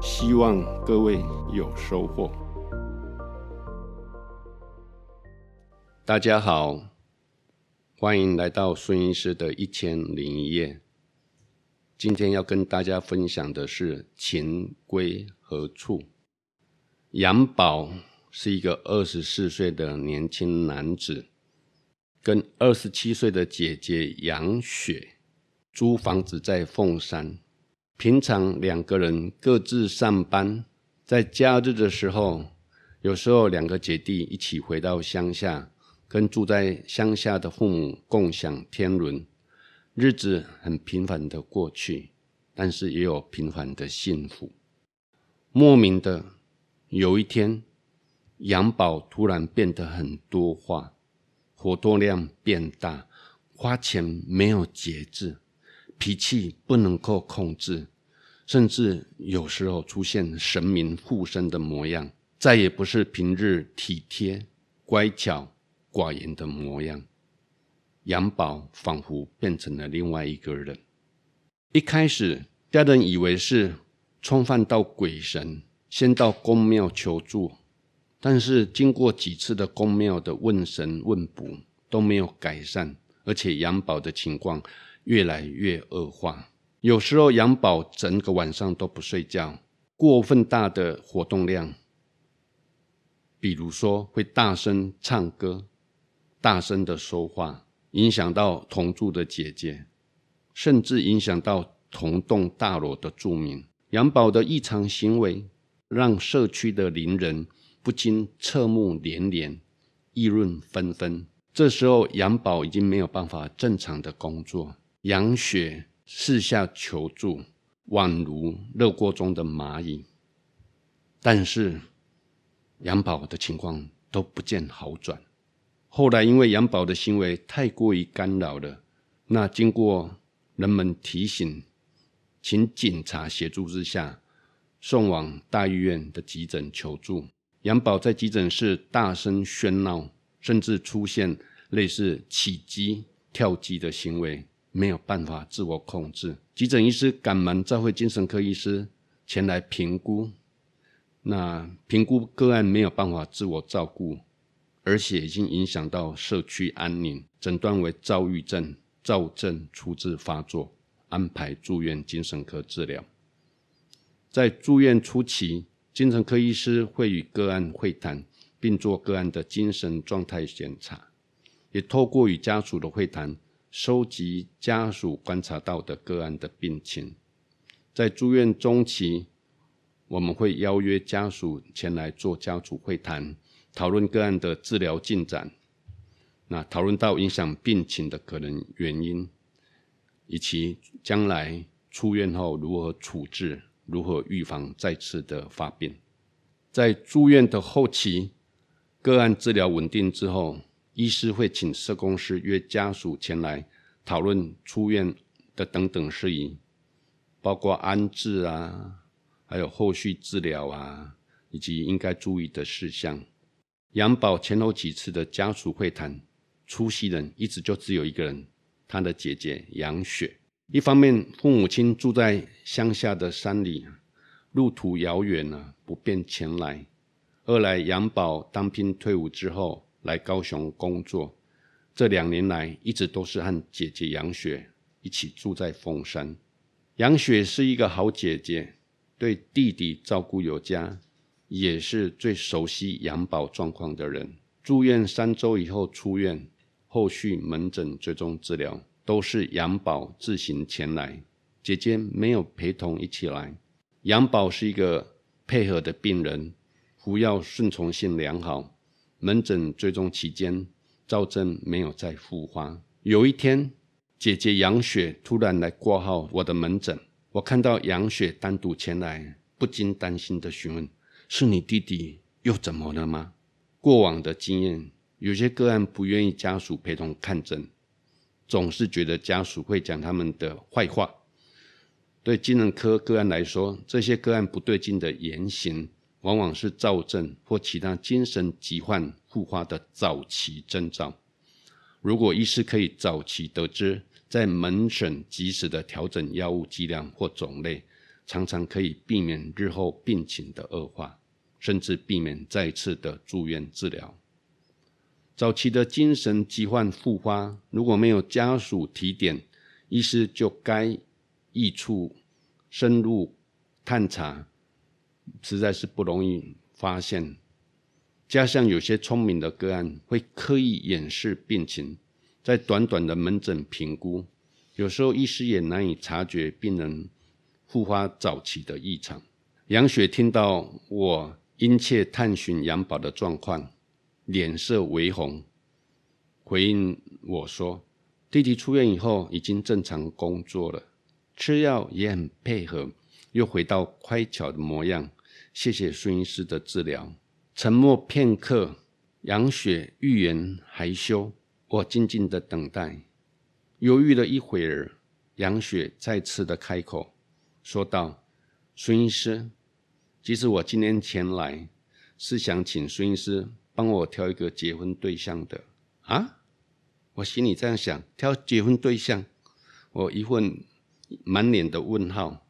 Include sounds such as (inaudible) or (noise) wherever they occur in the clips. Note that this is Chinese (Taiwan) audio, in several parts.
希望各位有收穫。大家好，歡迎來到孫醫師的一千零一夜。今天要跟大家分享的是情歸何處。楊寶是一個二十四歲的年輕男子，跟二十七歲的姐姐楊雪租房子在鳳山。平常兩個人各自上班，在假日的時候，有時候兩個姐弟一起回到鄉下，跟住在鄉下的父母共享天倫，日子很平凡的過去，但是也有平凡的幸福。莫名的有一天，楊保突然變得很多話，活動量變大，花錢沒有節制。脾氣不能夠控制，甚至有時候出現神明附身的模樣，再也不是平日體貼、乖巧、寡言的模樣。楊保仿佛變成了另外一個人。一開始，家人以為是沖犯到鬼神，先到宮廟求助，但是經過幾次的宮廟的問神問卜都沒有改善，而且楊保的情況。越來越惡化，有時候楊保整個晚上都不睡覺，過分大的活動量，比如說會大聲唱歌、大聲的說話，影響到同住的姐姐，甚至影響到同棟大樓的住民。楊保的異常行為，讓社區的鄰人不禁側目連連，議論紛紛。這時候，楊保已經沒有辦法正常的工作。楊雪四下求助，宛如熱鍋中的螞蟻。但是楊保的情況都不見好轉。後來因為楊保的行為太過於干擾了，那經過人們提醒，請警察協助之下，送往大醫院的急診求助。楊保在急診室大聲喧鬧，甚至出現類似起乩跳乩的行為。沒有辦法自我控制，急診醫師趕忙照會精神科醫師前來評估。那評估個案沒有辦法自我照顧，而且已經影響到社區安寧，診斷為躁鬱症躁症初次發作，安排住院精神科治療。在住院初期，精神科醫師會與個案會談，並做個案的精神狀態檢查，也透過與家屬的會談。收集家屬觀察到的個案的病情，在住院中期，我們會邀約家屬前來做家族會談，討論個案的治療進展。那討論到影響病情的可能原因，以及將來出院後如何處置、如何預防再次的發病。在住院的後期，個案治療穩定之後。醫師會請社工師約家屬前來討論出院的等等事宜，包括安置啊，還有後續治療啊，以及應該注意的事項。楊保前後幾次的家屬會談，出席人一直就只有一個人，他的姐姐楊雪。一方面，父母親住在鄉下的山裡，路途遙遠啊，不便前來；二來，楊保當兵退伍之後。來高雄工作，這兩年來一直都是和姐姐楊雪一起住在鳳山。楊雪是一個好姐姐，對弟弟照顧有加，也是最熟悉楊保狀況的人。住院三週以後出院，後續門診追蹤治療都是楊保自行前來，姐姐沒有陪同一起來。楊保是一個配合的病人，服藥順從性良好。門診追蹤期間，躁症沒有再復發。有一天，姐姐楊雪突然來掛號我的門診，我看到楊雪單獨前來，不禁擔心地詢問：“是你弟弟又怎麼了嗎？”過往的經驗，有些個案不願意家屬陪同看診，總是覺得家屬會講他們的壞話。對精神科個案來說，這些個案不對勁的言行。往往是躁症或其他精神疾患復發的早期徵兆。如果醫師可以早期得知，在門診及時的調整藥物劑量或種類，常常可以避免日後病情的惡化，甚至避免再次的住院治療。早期的精神疾患復發，如果沒有家屬提點，醫師就該益處深入探查。實在是不容易發現，加上有些聰明的個案會刻意掩飾病情，在短短的門診評估，有時候醫師也難以察覺病人復發早期的異常。楊雪聽到我殷切探尋楊保的狀況，臉色微紅，回應我說：“弟弟出院以後已經正常工作了，吃藥也很配合，又回到乖巧的模樣。”謝謝孫醫師的治療。沉默片刻，楊雪欲言還休。我靜靜的等待，猶豫了一會兒，楊雪再次的開口，說道：“孫醫師，其實我今天前來，是想請孫醫師幫我挑一個結婚對象的。”啊？我心裡這樣想，挑結婚對象，我一問，滿臉的問號。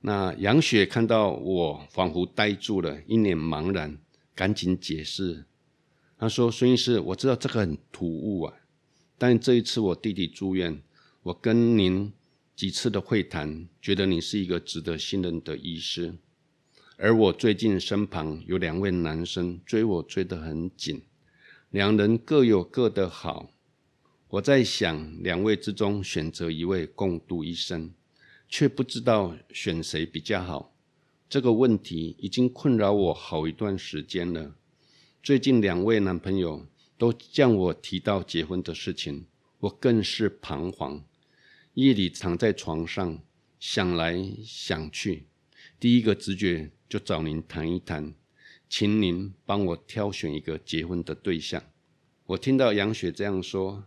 那楊雪看到我，仿佛呆住了，一臉茫然，趕緊解釋。她說：“孫醫師，我知道這個很突兀啊，但這一次我弟弟住院，我跟您幾次的會談，覺得你是一個值得信任的醫師。而我最近身旁有兩位男生追我追得很緊，兩人各有各的好，我在想兩位之中選擇一位共度一生。”卻不知道選誰比較好，這個問題已經困擾我好一段時間了。最近兩位男朋友都向我提到結婚的事情，我更是彷徨。夜裡躺在床上想來想去，第一個直覺就找您談一談，請您幫我挑選一個結婚的對象。我聽到楊雪這樣說，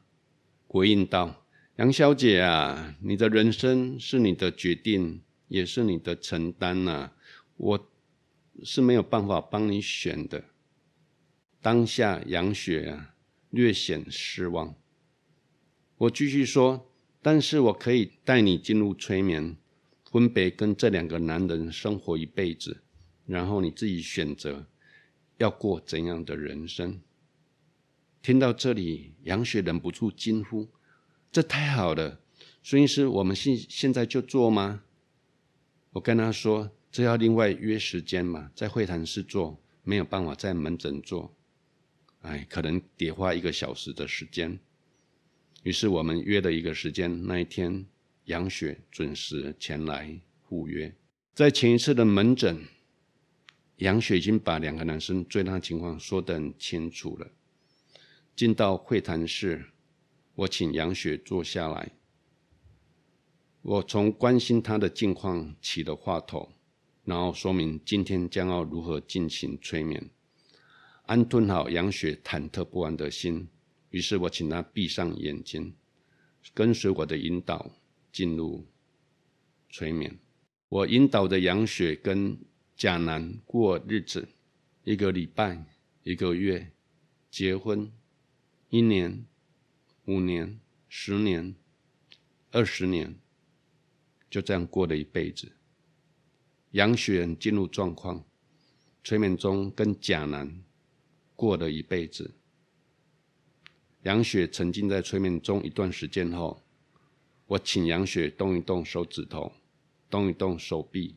回應道。楊小姐啊，你的人生是你的決定，也是你的承擔吶、啊。我是沒有辦法幫你選的。當下，楊雪啊略顯失望。我繼續說，但是我可以帶你進入催眠，分別跟這兩個男人生活一輩子，然後你自己選擇要過怎樣的人生。聽到這裡，楊雪忍不住驚呼。這太好了，孫醫師，我們現現在就做嗎？我跟他說，這要另外約時間嘛，在會談室做，沒有辦法在門診做。哎，可能得花一個小時的時間。於是我們約了一個時間，那一天，楊雪準時前來赴約。在前一次的門診，楊雪已經把兩個男生最大的情況說得很清楚了。進到會談室。我請楊雪坐下來，我從關心她的近況起了話頭，然後說明今天將要如何進行催眠，安頓好楊雪忐忑不安的心。於是我請她閉上眼睛，跟隨我的引導進入催眠。我引導着楊雪跟賈南過日子，一個禮拜、一個月、結婚、一年。五年、十年、二十年，就這樣過了一輩子。楊雪很進入狀況，催眠中跟甲男過了一輩子。楊雪沉浸在催眠中一段時間後，我請楊雪動一動手指頭，動一動手臂，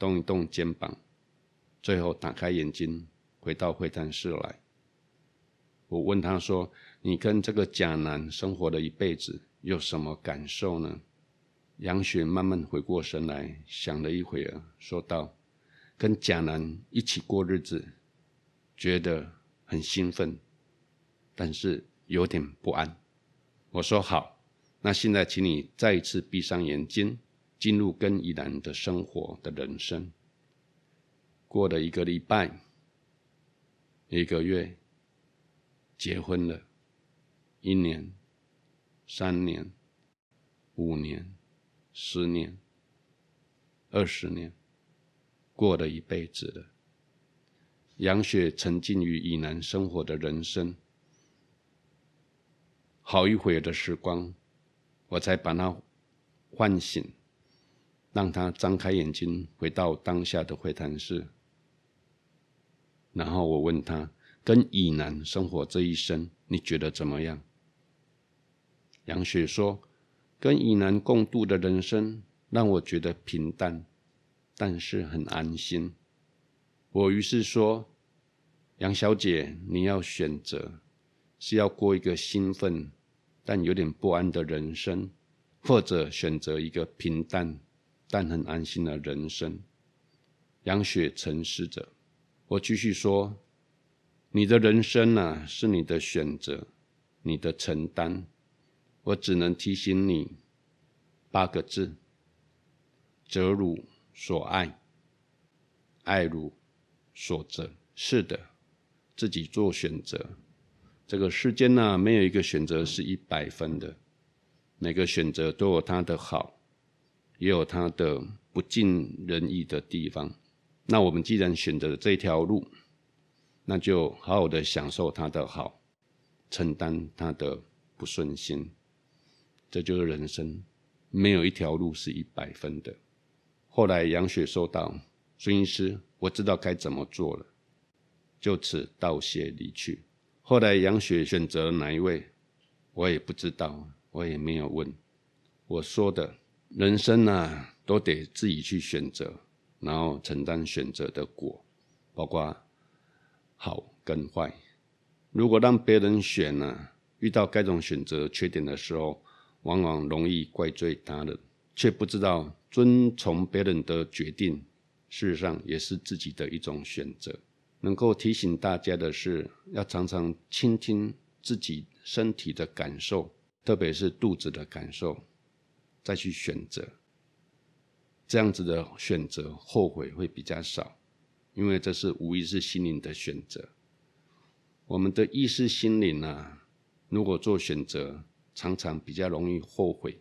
動一動肩膀，最後打開眼睛回到會談室來。我問他說。你跟這個甲男生活了一輩子，有什麼感受呢？楊雪慢慢回過神來，想了一會兒，說道：“跟甲男一起過日子，覺得很興奮，但是有點不安。”我說：“好，那現在請你再一次閉上眼睛，進入跟乙男的生活的人生。”過了一個禮拜，一個月，結婚了。一年、三年、五年、十年、二十年，過了一輩子了。楊雪沉浸於以南生活的人生，好一會兒的時光，我才把她喚醒，讓她張開眼睛，回到當下的會談室。然後我問他：“跟以南生活這一生，你覺得怎麼樣？”楊雪說：“跟以南共度的人生，讓我覺得平淡，但是很安心。”我於是說：“楊小姐，你要選擇是要過一個興奮但有點不安的人生，或者選擇一個平淡但很安心的人生？”楊雪沉思着。我繼續說：“你的人生啊，是你的選擇，你的承擔。”我只能提醒你八個字：擇汝所愛，愛汝所擇。是的，自己做選擇。這個世間呢、啊，沒有一個選擇是一百分的，每個選擇都有它的好，也有它的不盡人意的地方。那我們既然選擇了這條路，那就好好的享受它的好，承擔它的不順心。這就是人生，沒有一條路是一百分的。後來楊雪說道：“孫醫師，我知道該怎麼做了。”就此道謝離去。後來楊雪選擇哪一位，我也不知道，我也沒有問。我說的人生啊，都得自己去選擇，然後承擔選擇的果，包括好跟壞。如果讓別人選呢、啊，遇到該種選擇缺點的時候。往往容易怪罪他人，卻不知道遵從別人的決定，事實上也是自己的一種選擇。能夠提醒大家的是，要常常傾聽自己身體的感受，特別是肚子的感受，再去選擇。這樣子的選擇，後悔會比較少，因為這是無意識心靈的選擇。我們的意識心靈啊，如果做選擇。常常比較容易後悔，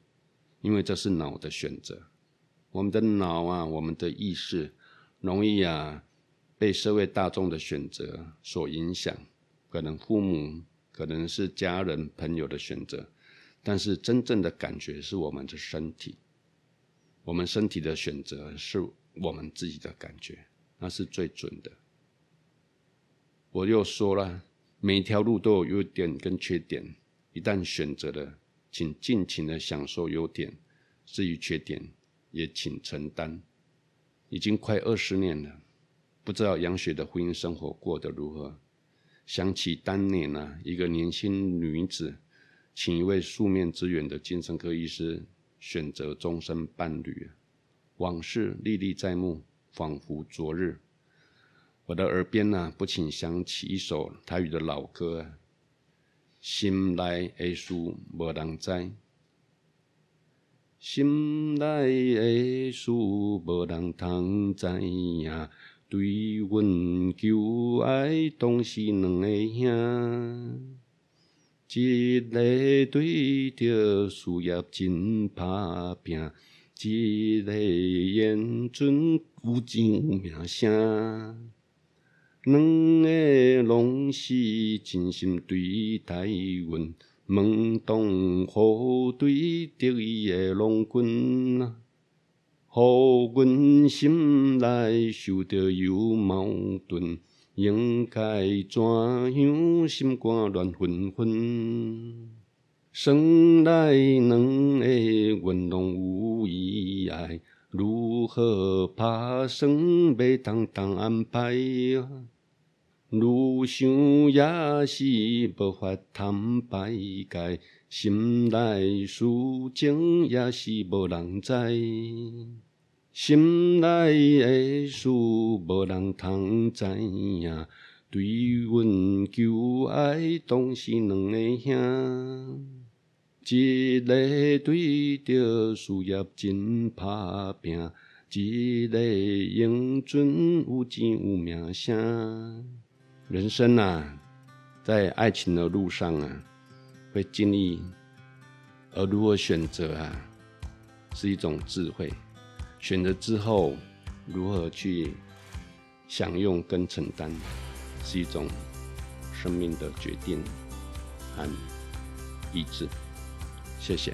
因為這是腦的選擇。我們的腦啊，我們的意識容易啊，被社會大眾的選擇所影響。可能父母，可能是家人、朋友的選擇，但是真正的感覺是我們的身體。我們身體的選擇是我們自己的感覺，那是最準的。我又說了，每條路都有優點跟缺點。一旦選擇了，請盡情的享受優點；至於缺點，也請承擔。已經快二十年了，不知道楊雪的婚姻生活過得如何。想起當年呢、啊，一個年輕女子，請一位素面之緣的精神科醫師選擇終身伴侶，往事歷歷在目，仿佛昨日。我的耳邊呢、啊，不禁想起一首台語的老歌、啊。心內的事無人知，心內的事無人通知呀、啊。對阮求愛攏是兩個兄，啊、個 (laughs) 一個對着事業真拍拚，一個怨春無情有名聲。兩個攏是真心對待阮，門當戶對得意的郎君啊，讓阮心內想著有矛盾，應該怎樣，心肝亂紛紛，生來兩個阮攏有意愛。好拍算，要通當，當安排、啊。愈想也是無法通排解，該心內事情也是無人知。心內的事無人通知呀，啊，對阮求愛攏是兩個兄，一個對着事業真拍拼。積累英春，無盡無名相，人生啊，在愛情的路上啊，會經歷，而如何選擇啊，是一種智慧；選擇之後，如何去享用跟承擔，是一種生命的決定和意志。謝謝。